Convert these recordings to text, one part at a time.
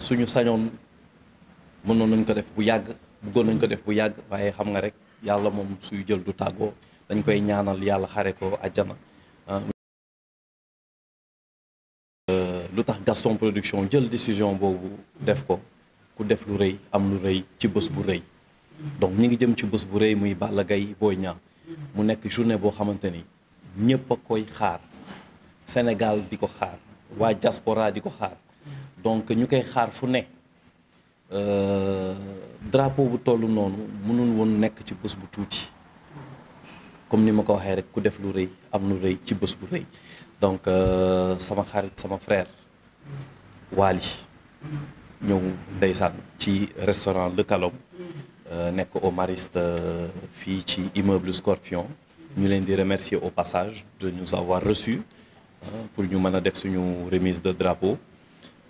suñu sañoon mënoon nañ ko def bu yàgg buggoon nañ ko def bu yàgg waaye xam nga rek yàlla moom suy jël du tàggoo dañ koy ñaanal yàlla xare ko àjjana euh, lu tax Gaston Production jël décision boobu def ko ku def lu rëy am lu rëy ci bës bu rëy donc ñi ngi jëm ci bës bu rëy muy Balla gay Boy Niang mu nekk journée boo xamante ni ñëpp a koy xaar Sénégal di ko xaar waa diaspora di ko xaar donc ñu koy xaar fu ne euh, drapeau bu toll noonu mënul woon nekk ci bés bu tuuti comme ni ma ko waxee rek ku def lu rëy am lu rëy ci bés bu rëy donc euh, sama xarit sama frère Waly ñëw ndeysaan ci restaurant Le Calom euh, nekk au Mariste fii ci immeuble Scorpion ñu leen di remercier au passage de nous avoir reçus hein, pour ñu mën a def suñu remise de drapeau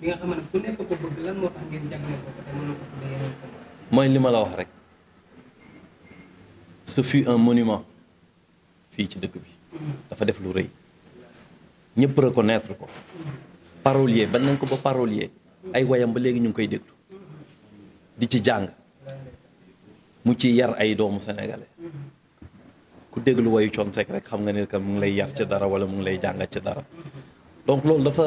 bi nga xam lan moo tax mooy li ma la wax rek ce fut un monument fii ci dëkk bi mm-hmm. dafa def lu rëy ñëpp reconnaître ko mm-hmm. parolier ban nañ ko ba parolier ay wayam ba léegi ñu ngi koy déglu mm-hmm. di ci jàng mu ci yar ay doomu sénégalais ku déglu wayu Thione Seck rek xam nga ne que mu ngi lay yar ci dara wala mu ngi lay jàngat ci dara donc loolu dafa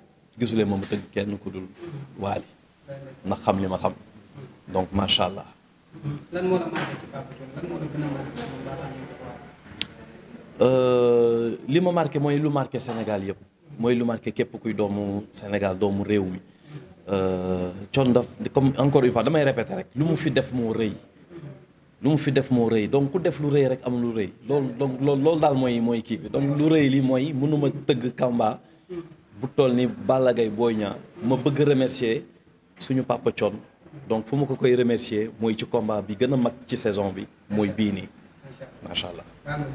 gisulee moom tëgg kenn ku dul waali ndax xam li ma xam donc macha allah. lan euh, li ma marqué mooy lu marqué Sénégal yëpp mooy lu marqué képp kuy doomu Sénégal doomu réew mi Thione euh, daf comme encore une fois damay répété rek lu mu fi def moo rëy. lu mu fi def moo rëy donc ku def lu rëy rek am lu rëy loolu donc loolu loolu daal mooy mooy kii bi donc lu rëy li mooy mënuma tëgg kamba bu toll ni Balla Gaye Boy Niang ma bëgg remercier suñu papa chon donc fu ma ko koy remercier moy ci combat bi gëna mag ci saison bi moy bi ni machallah allah.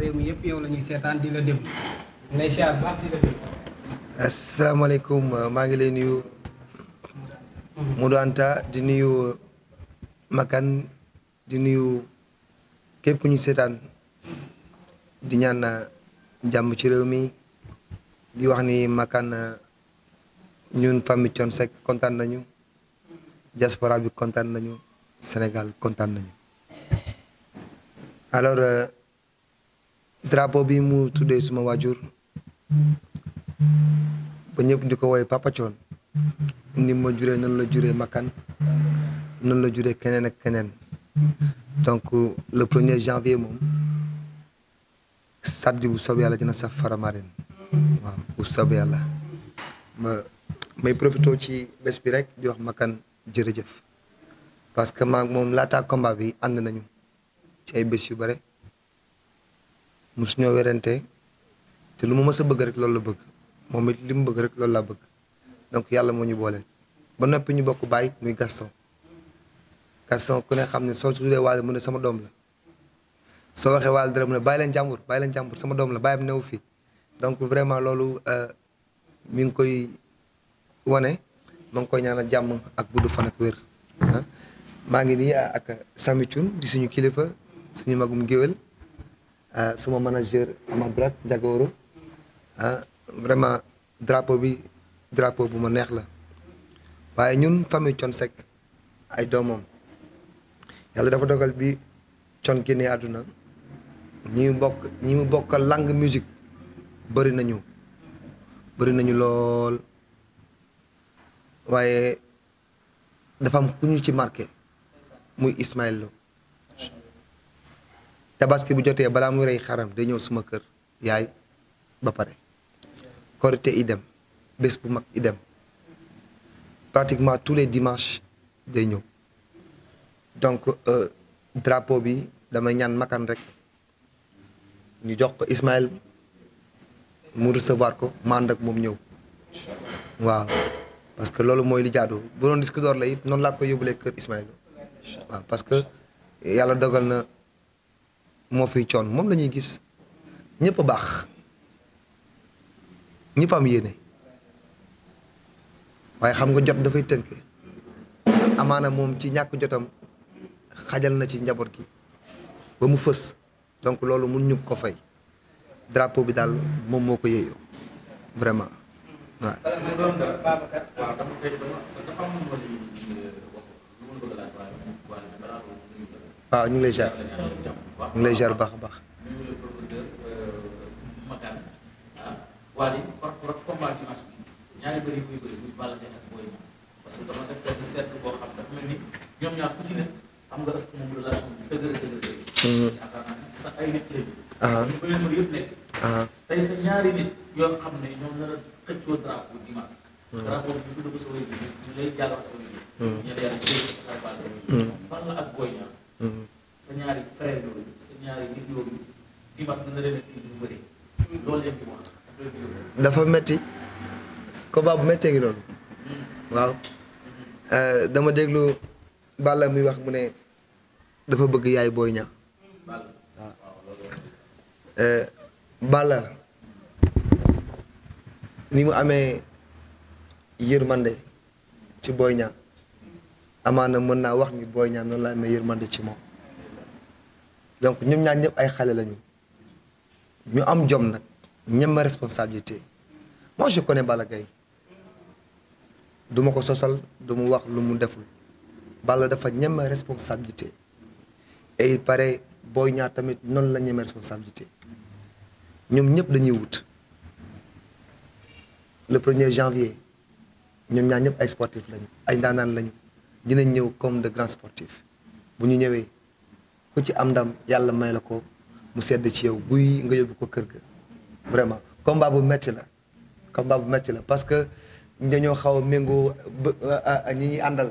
réew yow la ñuy seetaan di la déglu ngay ngi lay nuyu Modou di nuyu Makan di nuyu kep ku ñu seetaan di ñaan jàmm ci réew mi di wax ni sek ñun famille Thione Seck kontaan nañu diaspora bi kontaan nañu Sénégal kontaan nañu alors euh, drapeau bi mu tuddee suma wajur di ko woy Papa chon ni mo juree nan la makan nan la juree kenen ak donc le 1er janvier mom saddi bu soobee yàlla dina saf marine wa bu soobee yalla ma may profito ci bes bi rek di wax Makan jërëjëf parce que maag moom laataa combat bi and nañu ci ay bes yu bare mosuñoo werante te luma ma sa bëgg rek loolu la bëgg momit lim bëgg rek loolu la bëgg donc yalla mo ñu bolé ba noppi ñu bokk bay muy Gaston garçon ku ne xam ne soo tuddee waale mu ne sama doom la soo waxee waale dara mu ne bàyyi leen jàmbur bàyyi leen jàmbur sama doom la bàyyam wu fii donc vraiment loolu euh, mi ngi koy wane ma ngi koy ñaanal jàmm ak gudd fan ak wér ah. maa ngi nii ak Samy Thioune di suñu kilifa suñu magum géwél ah, suma manager Amath Brat Ndiagoro ah vraiment drapeau bi drapeau bu ma neex la waaye ñun famille Thione Seck ay doomam yàlla dafa dogal bi con ki àdduna ñi mu bokk ñi mu bokkal langue musique bëri nañu bëri nañu lool waaye dafa am ku ñu ci marqué muy Ismaël Lo tabaski bu jotee balaa mu rey xaram day ñëw suma kër yaay ba pare korité i dem bés bu mag i dem pratiquement tous les dimanches day ñëw donc euh, drapeau bi dama ñaan makan rek ñu jox ko Ismaël mu recevoir ko mand ak mom ñew waaw parce que lolu moy li jaadu bu doon disque d'or la it non la ko yóbbulee keur Ismaël waaw parce que yalla dogal na mo fi cion mom lañuy gis ñepp bax ñepp am yene waye xam nga jot fay tënk amana mom ci ñak jotam xajal na ci njabot gi ba mu feus donc lolu mu ñu ko fay drapeau bi daal moom moo ko vraiment ñu lay ñu lay parce que dama am nga mhm. ak ah. ah. xam ne ñoom nar a xëccoo mhm. mhm. ko sa bu méttee noonu. waaw euh, dama déglu. Balla muy wax mu ne dafa bëgg yaay booy ña waaw ni mu amee yërmande ci booy ña amaana mën naa wax ni booy ña noonu la amee yërmande ci moom donc ñoom ñaar ñëpp ay xale lañu ñu am jom nag ñema responsabilité moi je connais Balla Gaye duma ko sosal du mu wax lu mu deful Balla dafa ñeme responsabilité et il paraît Boy Niang tamit noonu la ñeme responsabilité ñoom ñëpp dañuy wut le premier janvier ñoom ñaar ñëpp ay sportif lañu ay ndaanaan lañu dinañ ñëw comme de grands sportifs bu ñu ñëwee ku ci am ndam yàlla may la ko mu sedd ci yow guy nga yóbbu ko kër ga vraiment combat bu metti la combat bu metti la parce que dañoo xaw a méngoo ñi ñuy àndal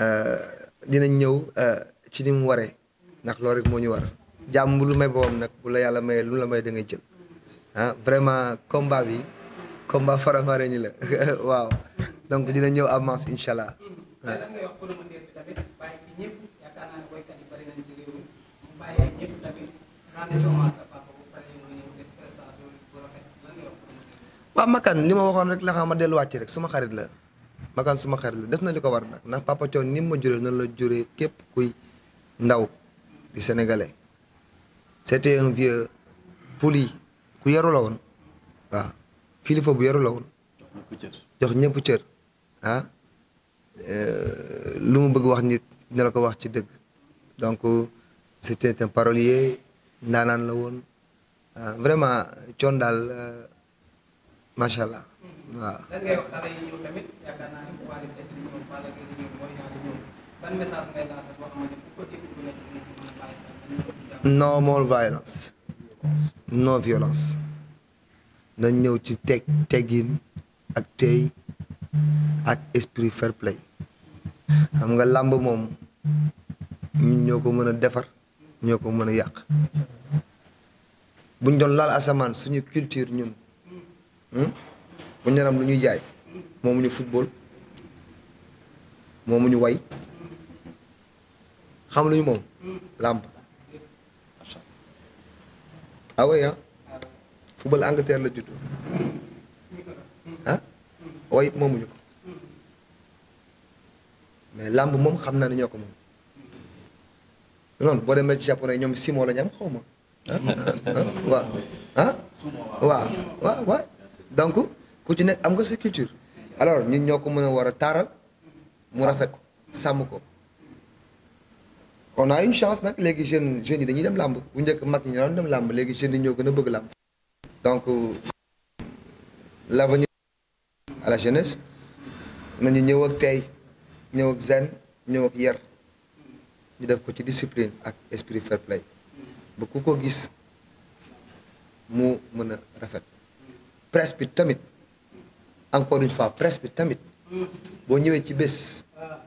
Eh, dinañ ñëw eh, ci dim waré nak ndax rek mo ñu war jamm lu may boobam nak bu la yalla may lu la may da ngay jël ah vraiment combat bi combat faramare ñi la waaw donc dina ñëw avance inshallah makan lima waxon rek la xama ma wacc rek suma xarit la makaan suma xarit la def na li ko war nag na Papa Thione ni mu ma juree na la juree képp kuy ndaw di sénégalais c'était un vieux ku yaru la woon waaw kilifa bu yaru la woon. jox ñëpp cër ah. euh, lu mu bëgg wax nit dina la ko wax ci dëgg donc c'était un parolier ndaanaan la woon ah, vraiment Thione daal euh, macha allah. waaw lan ngay wax violence no violence nañ ñëw ci teg teggin ak tey ak esprit fair play xam nga làmb moom ñun ñoo ko mën a defar ñoo ko mën a yàq buñ doon laal asamaan suñu culture ñun hmm? bu ñu lu ñuy jaay moomuñu football moomuñu way xam lu ñu moom làmb awee ah, ah football Angleterre la juddu ah way moomuñu ko mais làmb moom xam naa ne ñoo ko moom noonu boo demee ci japonais ñoom simo la ñu am xaw ma ah, ah, ah waaw ah waaw waaw ku ci nekk am nga sa culture alors ñun ñoo ko mën a war a taaral mu rafet sàmm ko on a une chance nag léegi jeunes jeunes yi dañuy dem làmb bu njëkk mag ñi ñoo doon dem làmb léegi jeunes ñoo gën a bëgg làmb donc l'avenir à la jeunesse nañu ñëw ak tey ñëw ak zen ñëw yar ñu def ko ci discipline ak esprit fair play ba ku ko gis mu mën a rafet presse tamit encore une fois presse bi tamit boo ñëwee ci bés da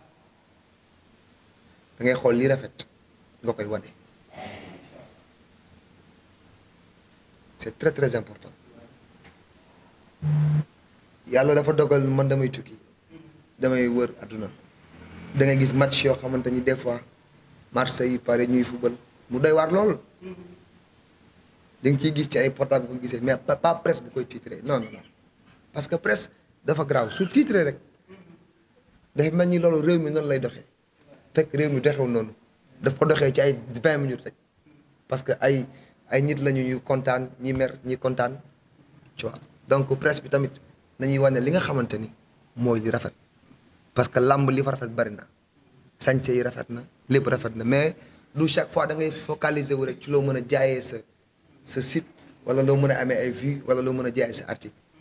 ngay xool li rafet nga koy wane c'est très très important yàlla dafa dogal man damay tukki damay wër àdduna dangay gis match yoo xamante ni des fois Marseille Paris ñuy football mu doy waar lool da nga ciy gis ci ay portable bu ko gisee mais pas presse bu koy titré no non non parce que presque dafa graaw su tiitre rek dafa mel ñi loolu réew mi noonu lay doxee fekk réew mi doxew noonu daf ko doxee ci ay vingt minutes rek parce que ay ay nit la ñu kontaan ñi mer ñi kontaan tu donc presse bi tamit nañuy wane li nga xamante ni mooy di rafet parce que làmb li fa rafet bari na sañse yi rafet na lépp rafet na mais du chaque fois dangay ngay focaliser wu rek ci loo mën a jaayee sa sa site wala loo mën a amee ay vues wala loo mën a jaayee sa article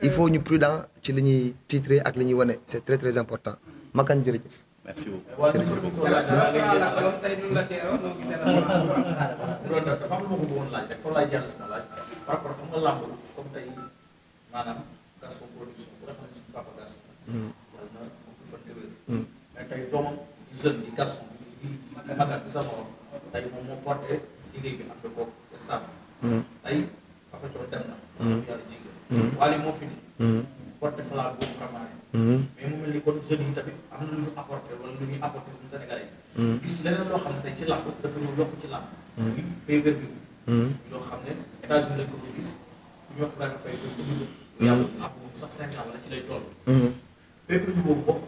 il faut être prudent ci li titrer avec les niveaux C'est très très important merci beaucoup ne ci làmb dafa ñëw ci làmb. bay hmm. hmm. xam ne ko ko gis wax def. Hmm. yàlla sax cinq ans la ci lay toll. bay wér bi moom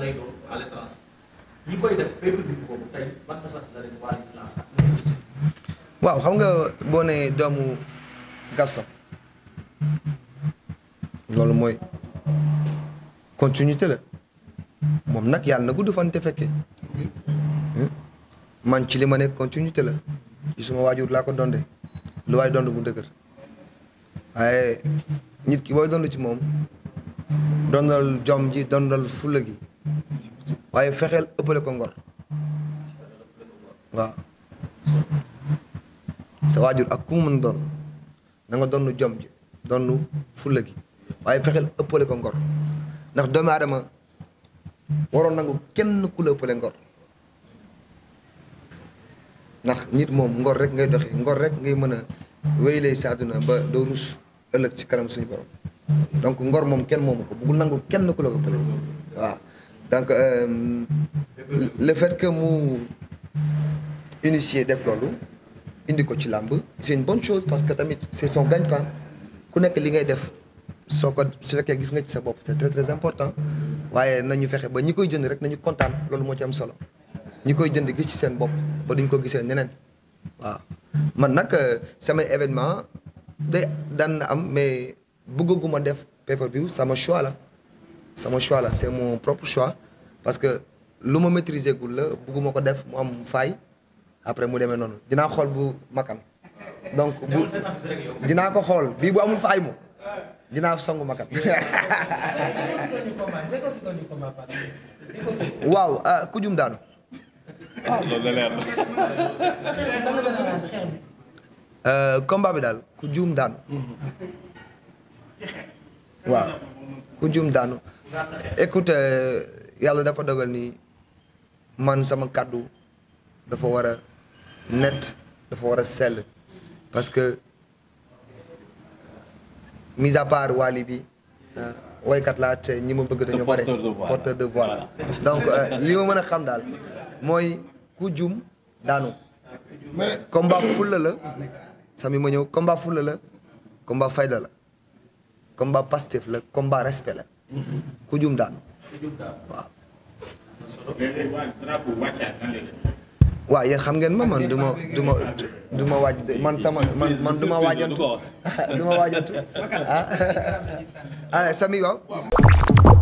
lay doon à l'étranger xam nga boo nee doomu Gaston loolu mooy continuité la. moom nag yàlla na gudd fan te fekke hmm? man ci li ma nekk continuité la ci suma waajur laa ko donde lu waay dond bu dëgër waaye nit ki booy dond ci moom dondal jom ji dondal fulla gi waaye fexeel ëppale ko ngor waaw sa waajur ak ku doon jom ji donn waaye fexeel ëppale ngor ndax doomu aadama waroon nangu kenn ku la ëppale ngor ndax nit moom ngor rek ngay doxee ngor rek ngay mën a wéylee sa adduna ba doo rus ëllëg ci kanam suñu borom donc ngor moom kenn moomu ko bugul nangu kenn ku la ko waaw donc euh, le fait que mu initier def loolu indi ko ci làmb seen bon bonne chose parce que tamit c'est son gagne-pain ku nekk li ngay def soo ko su fekkee gis nga ci sa bopp c'est très très important waaye nañu fexe ba ñi koy jënd rek nañu kontaan loolu moo ci am solo ñi koy jënd gis ci seen bopp ba duñ ko gisee neneen waaw man nag euh, samay événement day daan am mais bëggaguma def pay-per-view sama choix la sama choix la c'est mon propre choix parce que lu ma maîtriser gul la bugguma ko def mu am faay après mu demee noonu dinaa xool bu makan donc bu dinaa ko xool bii bu amul faay moom dinaa songu makat waaw ku jum daanu. combat bi daal ku juum daanu. waaw ku daanu. écoute eh, dafa dogal ni man sama kàddu dafa war a net dafa war a sell parce que. mis à part Wally bi euh, woykat laa te ñi ma bëgg dañoo bare porteur de voix la donc euh, li a mën a xam daal mooy ku jum daanu combat fulla la sami ma ñëw combat fulla la combat fayda la combat Pastef la combat respect la ku jum daanu waaw xam ngeen ma man du ma du ma du ma waaj man sama man man du ma waajantu du ah, ah Samy waaw.